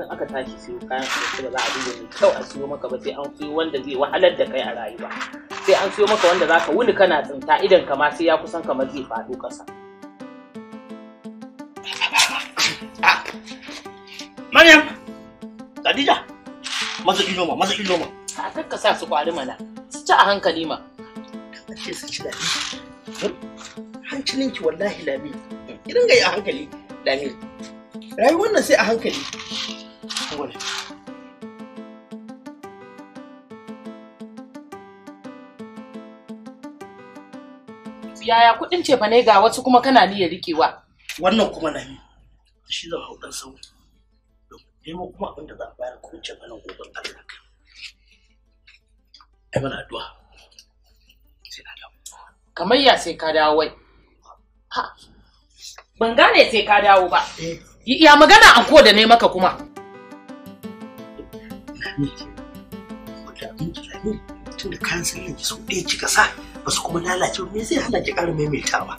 kullum aka tashi sai kayan abinci da za a duba mai kyau a siyo maka ba sai an siyo wanda zai wahalar da kai a rayuwa sai an siyo maka wanda zaka wuni kana tsinta idan kama sai ya kusan kamar zai faɗo ƙasa. Maryam, Khadija, maza ilo ma, maza ilo ma. A kakka sa su kwari mana, su ci a hankali ma. ce su ci daɗi. Hm? Hancinki wallahi lami, ki dinga yi a hankali lami. Rayuwar nan sai a hankali. Yaya kudin ce ne ga wasu kuma kana niyyar rikewa Wannan kuma na shi zan hau ɗan sau. Nemo kuma abin da za a bayar kuɗin ce nan gobe Allah kai. Ai mana addu'a. Sai na dawo. Kamar ya sai ka dawo wai. Ha. Ban gane sai ka dawo ba. Eh. Ya magana an ko da ne maka kuma. Na miki. Ko da abin tun da kayan sallan ki ɗaya kika sa. ba su kuma lalace me zai hana ki ƙara maimaitawa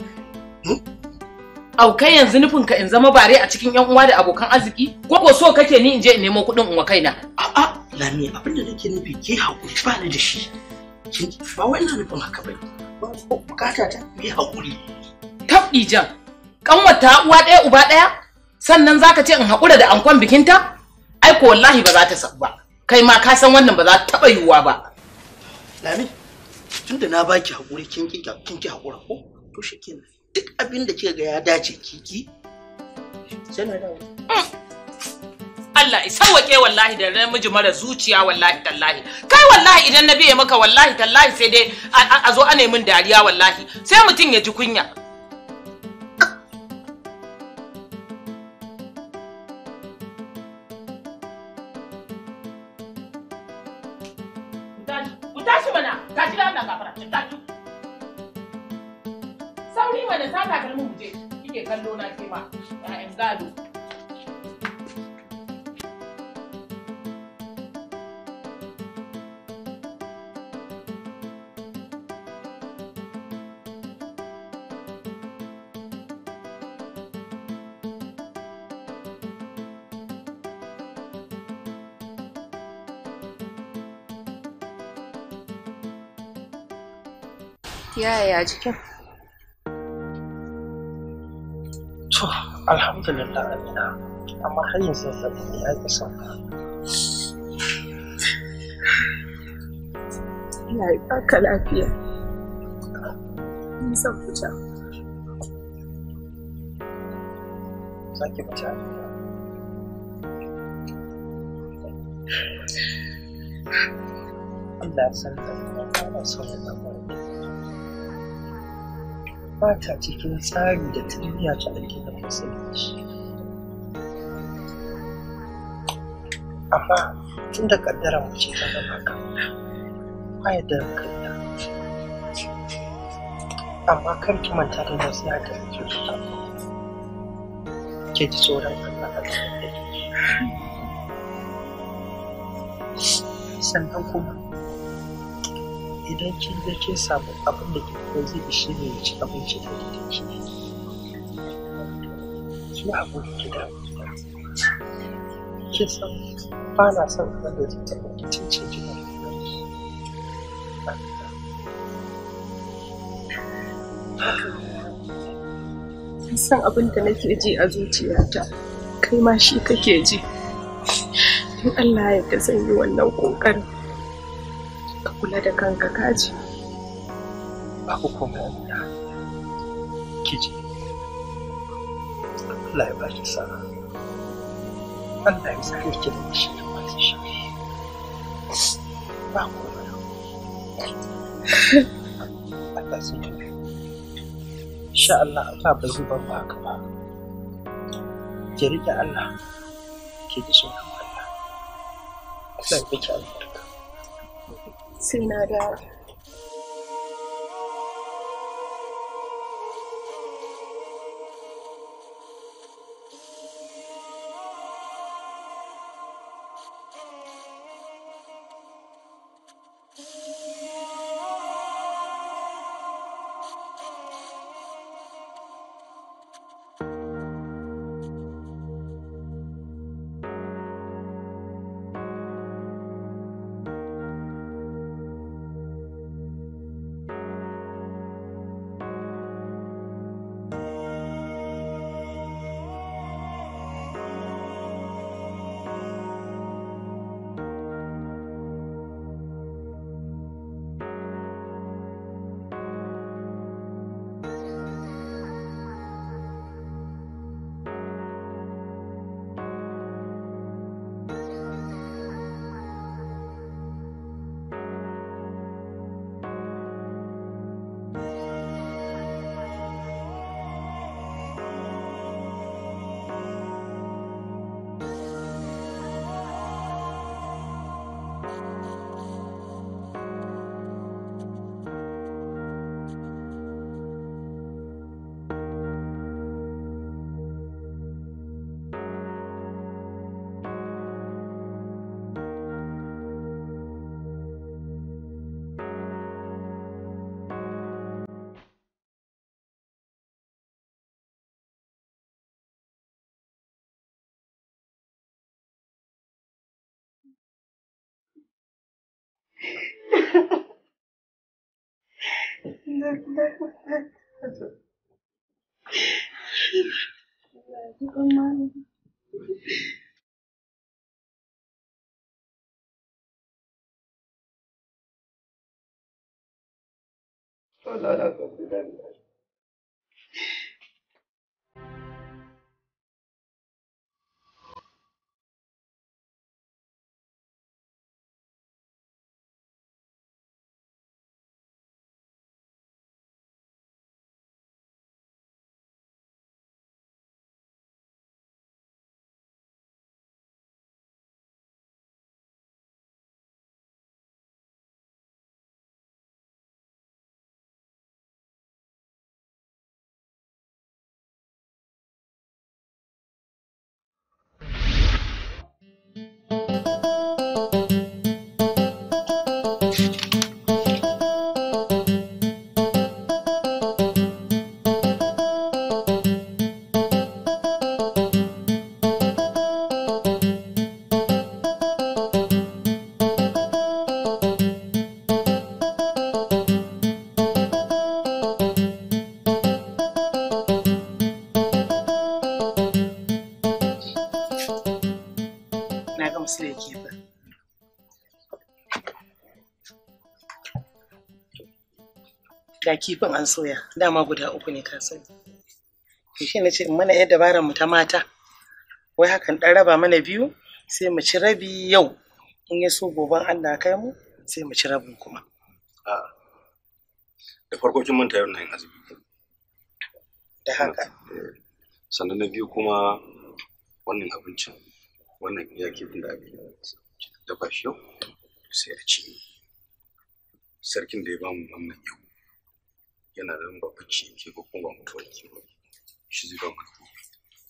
hmm? aukai yanzu nufin ka in zama bare a cikin yan uwa da abokan arziki ko ko so kake ni in je in nemo kuɗin uwa kaina a'a lami abin da nake nufi ke hakuri ba ni da shi kin ba wai ina nufin haka ba ba bukata ta yi hakuri tabdi jan kanwar ta uwa ɗaya uba ɗaya sannan zaka ce in hakura da ankon bikinta ai ko wallahi ba za ta sabu ba kai ma ka san wannan ba za ta taɓa yiwuwa ba lami tunda na baki hakuri kin ki kin ki hakura ko to shikenan duk abin da kika ga ya dace kiki sai na dawo mm. Allah isa wake wallahi da namiji mara zuciya wallahi tallahi kai wallahi idan na biye maka wallahi tallahi sai dai a zo a min dariya wallahi sai mutum ya ji kunya a jikin to alhamdulillah amina amma har yanzu zazzabi ne ya kusan ina yi baka lafiya in san fita za ki fita Allah ya san ba ba ta cikin tsari da tarbiyya ta da shi. amma tun da kaddara mu ce ta zama ka ba ya da kanta amma kan ki manta da nasiha da kike ta ke ji tsoron Allah a cikin da sannan kuma idan kin ga kin samu abin da ke ko zai ishe ne ya ci abinci da ke ki ki abu ki da kin san ba na son abin da zai taɓa ki cin cin ki Kin san abin da nake ji a zuciyata kai ma shi kake ji in Allah ya yarda zan yi wannan ƙoƙarin ka kula da kanka kaji babu komai amina kiji Allah ya baki sa'a Allah ya saka ki da shi da masu shi ba ba Allah sai ki insha Allah Allah ba zai bar haka ba ki rike Allah ki ji shi Allah sai ya baki albarka srinagar لا لا لا ta kifin an soya dama guda uku ne ka sani to shi ce mana yadda dabarar mu ta mata wai hakan dan raba mana biyu sai mu ci rabi yau in ya so goban Allah kai mu sai mu ci rabin kuma da farko kin manta yau na yin azumi da haka sannan na biyu kuma wannan abincin wannan ya kifin da abin dafa shi yau sai a ci sarkin da ya bamu wannan yau yana da ba kuci ke ko kuma mutuwar kiwo shi zai ba mutu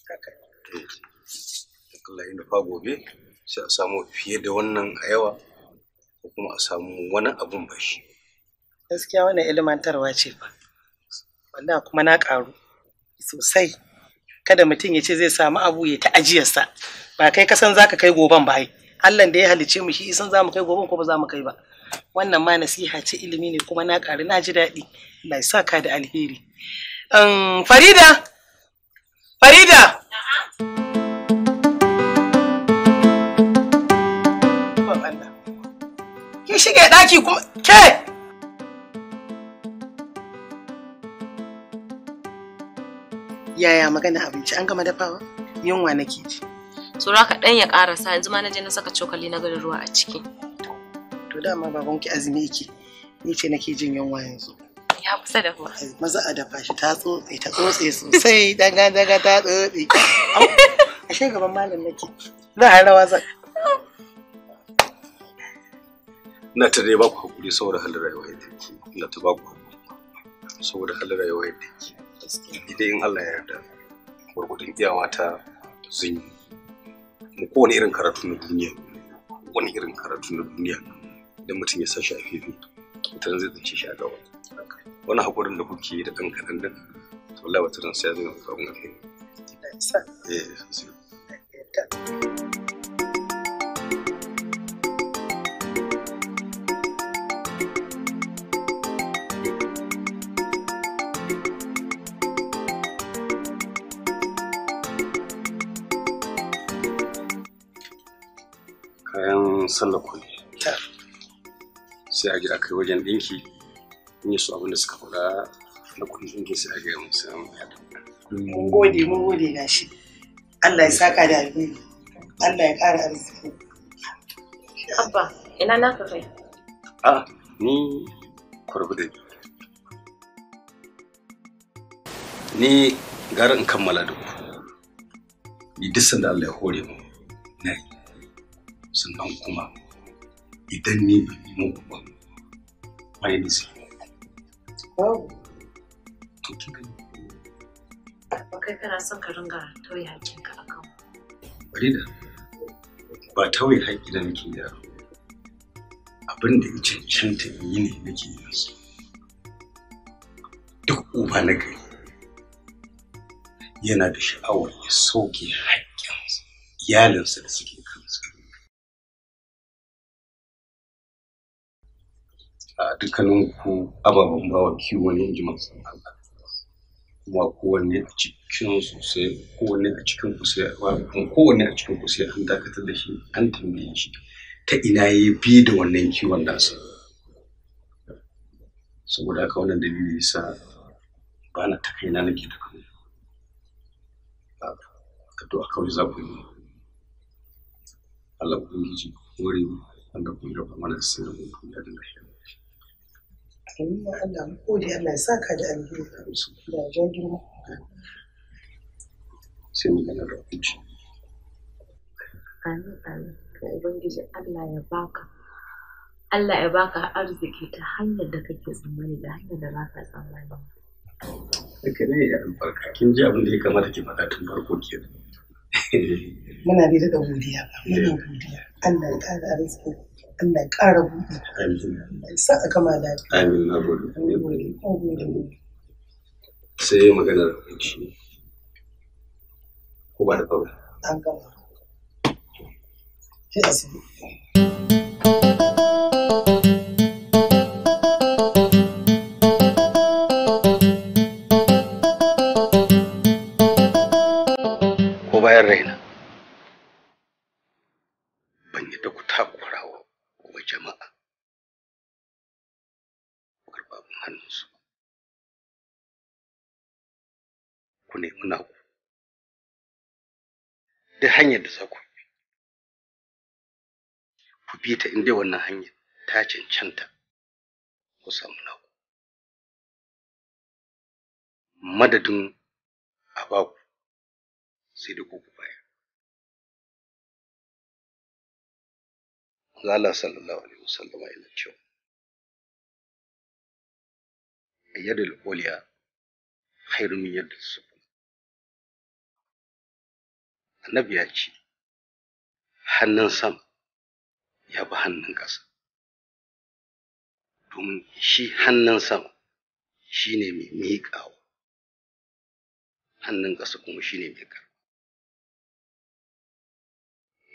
haka eh Allah ya gobe sai a samu fiye da wannan a yawa ko kuma a samu wani abun ba shi gaskiya wannan ilmantarwa ce ba wanda kuma na karu sosai kada mutum ya ce zai samu abu ya ta ajiyarsa ba kai kasan ka kai goban ba ai Allah da ya halicce mu shi isan za mu kai goban ko ba za mu kai ba wannan ma nasiha ce ilimi ne kuma na ƙari na ji daɗi Allah sa saka da alheri farida farida ki shige ɗaki kuma ke yaya magana abinci an gama dafawa yunwa nake ji tsoro ka ɗan ya ƙarasa yanzu ma na je na saka cokali na gada ruwa a ciki to dama babanki azumi yake ni ce nake jin yunwa yanzu ya kusa da kuwa maza a dafa shi ta tsotse ta tsotse sosai daga daga ta tsotse ashe gaban malam nake za a rawa zan na ta dai baku hakuri saboda halin rayuwa yadda yake na ta baku hakuri saboda halin rayuwa yadda yake idan in Allah ya yarda gurgudun iyawa ta zun yi mu kowane irin karatu na duniya wani irin karatu na duniya idan mutum ya sa shi a fifi mutum zai tsince shi a gawa wani haƙurin da kuke da ɗan kaɗan ɗin to Allah wata ran sai ya zama abin alheri. Kayan sallah sai a je a kai wajen dinki in yi su abin da suka faɗa na kuɗin dinki sai a gaya mu sai mu mun gode mun gode da shi Allah ya saka da alheri Allah ya ƙara arziki abba ina na ka kai a ah, ni kurbu da ni gara in kammala da ku ni duk sanda Allah ya hore mu na yi sannan kuma idan ni ban yi muku ba wani ne sai to kin gani ba kai kana son ka ringa tauye haƙƙinka akan bari da ba tauye haƙƙi da nake da abin da ya cancanta yi ne nake yi su duk uba na gari yana da sha'awar ya sauke hakkin iyalinsa da suke A dukkanin ku ababen bawa kiwo ne in ji masu Allah kuma kowanne a cikin su sai kowanne a cikin ku sai kowanne a cikin ku sai an dakatar da shi an tambaye shi ta ina ya bi da wannan kiwon nasa saboda haka wannan dalili yasa ba na ta kaina nake ta kan a kawai za ku yi Allah ku ubangiji kore Allah ku yi rafa mana sirrin duniya da lafiya amin ya Allah mu gode Allah ya saka da alheri da jirgin girma sai mu gana da kuci amin amin ka ubangiji Allah ya baka Allah ya baka arziki ta hanyar da kake tsammani da hanyar da ba ka tsammani Duka ne ya albarka kin ji abin da ya kamata ki faɗa tun farko ke muna da daga godiya eh. muna godiya Allah ya kara arziki Allah ya ƙara buɗe. Amin. Sa a kama lafiya. Amin na gode. Sai maganar shi. Ko ba da kawai. An gama. Sai asibiti. duk hanyar da za ku bi ku bi ta inda wannan hanyar ta cancanta ku samu naku madadin a baku sai da ku baya Allah sallallahu alaihi wasallama yana cewa yadda al'uliya khairun yadda su annabi ya ce hannun sam ya bi hannun ƙasa domin shi hannun sam shi ne mai miƙawa hannun ƙasa kuma shi ne mai ƙarfi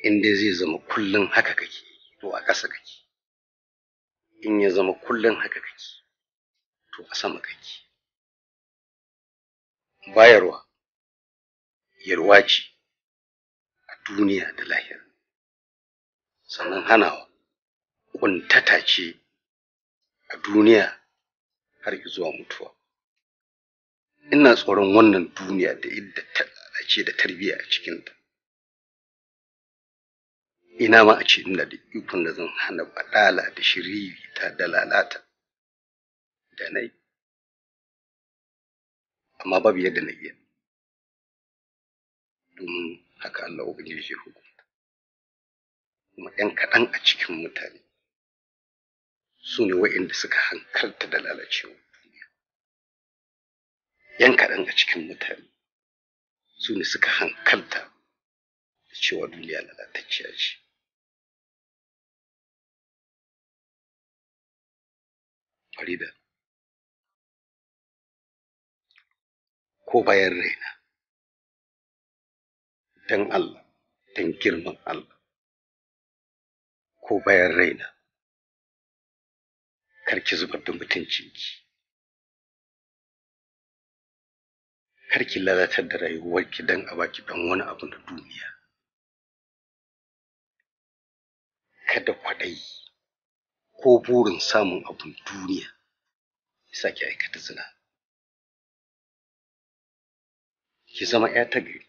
in dai zai zama kullum haka kake to a ƙasa kake in ya zama kullum haka kake to a sama kake bayarwa yarwa ce duniya da lahira sannan hanawa ƙuntata ce a duniya har zuwa mutuwa ina tsoron wannan duniya da idda ta ce da tarbiyya a cikinta ina ma a ce ina da ikon da zan hana badala da shiriri ta dalalata lalata da na amma babu yadda na iya domin haka Allah ubangiji shi hukunta kuma kaɗan a cikin mutane su ne inda suka hankalta da lalacewa yan kaɗan a cikin mutane su ne suka hankalta da cewa duniya lalatacciya ce Farida ko bayan raina don Allah, don girman Allah, ko bayan raina, kar ki zubar da mutuncinki, kar ki lalatar da rayuwarki don a baki dan wani abu na duniya. Kada kwaɗayi ko burin samun abun duniya, ya ki aikata zina. Ki zama ‘ya ta gari.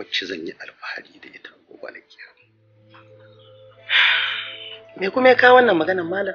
wacce zan yi alfahari da ita gobe na kiyama me kuma ya kawo wannan maganar malam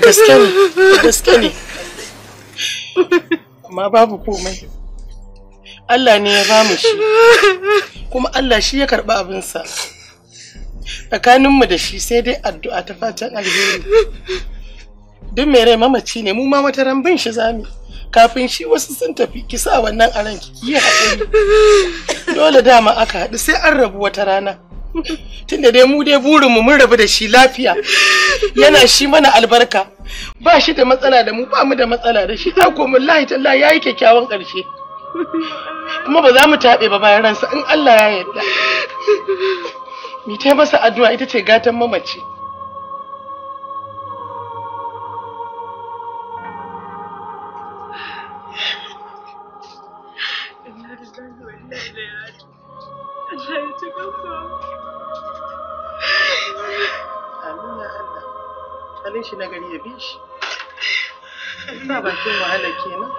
da gaske ne da gaske ne amma babu komai Allah ne ya bamu shi kuma Allah shi ya karɓi abinsa tsakaninmu da shi sai dai addu'a ta fatan alheri duk mai rai mamaci ne mu ma wata rambin shi zami kafin shi wasu sun tafi ki sa wannan a ranki ki yi haƙuri dole dama aka haɗu sai an rabu wata rana Tunda dai mu dai burinmu mun rabu da shi lafiya. Yana shi mana albarka. Ba shi da matsala da mu ba mu da matsala da shi. mun lahi tallahi yayi kyakkyawan ƙarshe. Kuma ba za mu taɓe ba bayan ransa in Allah ya yarda. Mi ta masa addu'a ita ce gatan mamaci. halin shi na gari ya bi shi sa bakin wahala kenan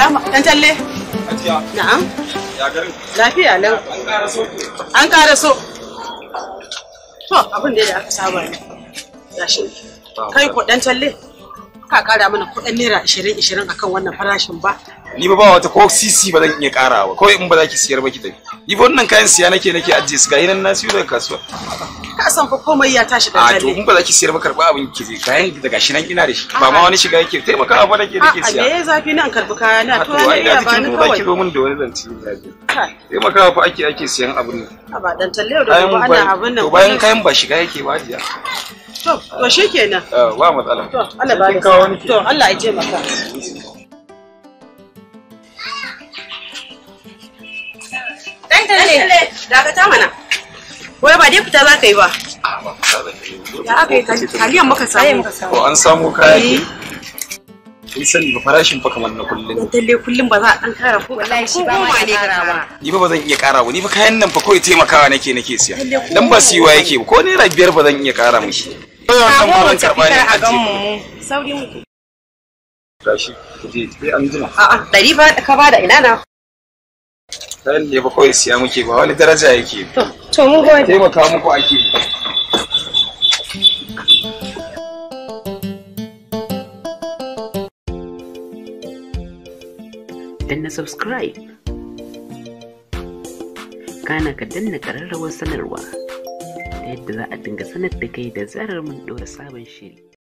Salama, ɗan talle. Na'am. Ya garin. Lafiya lau. An ƙara so. An ƙara so. To, abin da aka saba ne. Gashi. Kai ko ɗan talle. Ka ƙara mana kuɗin naira ishirin ishirin akan wannan farashin ba. Ni ba ba wata ko sisi ba zan iya ƙarawa ba. Kawai in ba za ki siyar ba ki tafi. Ni ba wannan kayan siya nake nake ajiye su ga nan na siyo daga kasuwa. ka san fa komai ya tashi da hali. A to kun ba zaki siyar ba karɓi abin ki zai kayan daga shi nan ina da shi ba ma wani shiga yake taimaka ba nake da ke siya. A me zafi nan karɓi kaya na to wani ya ba ni kawai. Ki zo min da wani zance ne zafi. Taimaka fa ake ake siyan abin nan. A ba dan talle da ba ana abin nan. To bayan kayan ba shiga yake ba jiya. To to shikenan. Eh, ba matsala. To Allah ba ni. To Allah ya taimaka. Dan talle daga ta mana. wai ba dai fita za ka yi ba ah, ya aka yi maka samu an samu kaya kun eh. sani ba farashin fa kamar na kullum kullum ba za a dan kara ko wallahi shi ba ne ni ba ba zan iya ni kayan nan fa taimakawa nake nake siya dan ba wa yake ko naira biyar ba zan iya kara mishi karɓa ne a a'a ba ka ina na kayan ne ba kawai siya muke ba wani daraja yake to mun gode taimaka muku ake danna subscribe kana ka danna kararrawar sanarwa ta yadda za a dinga sanar da kai da zarar mun ɗora sabon shiri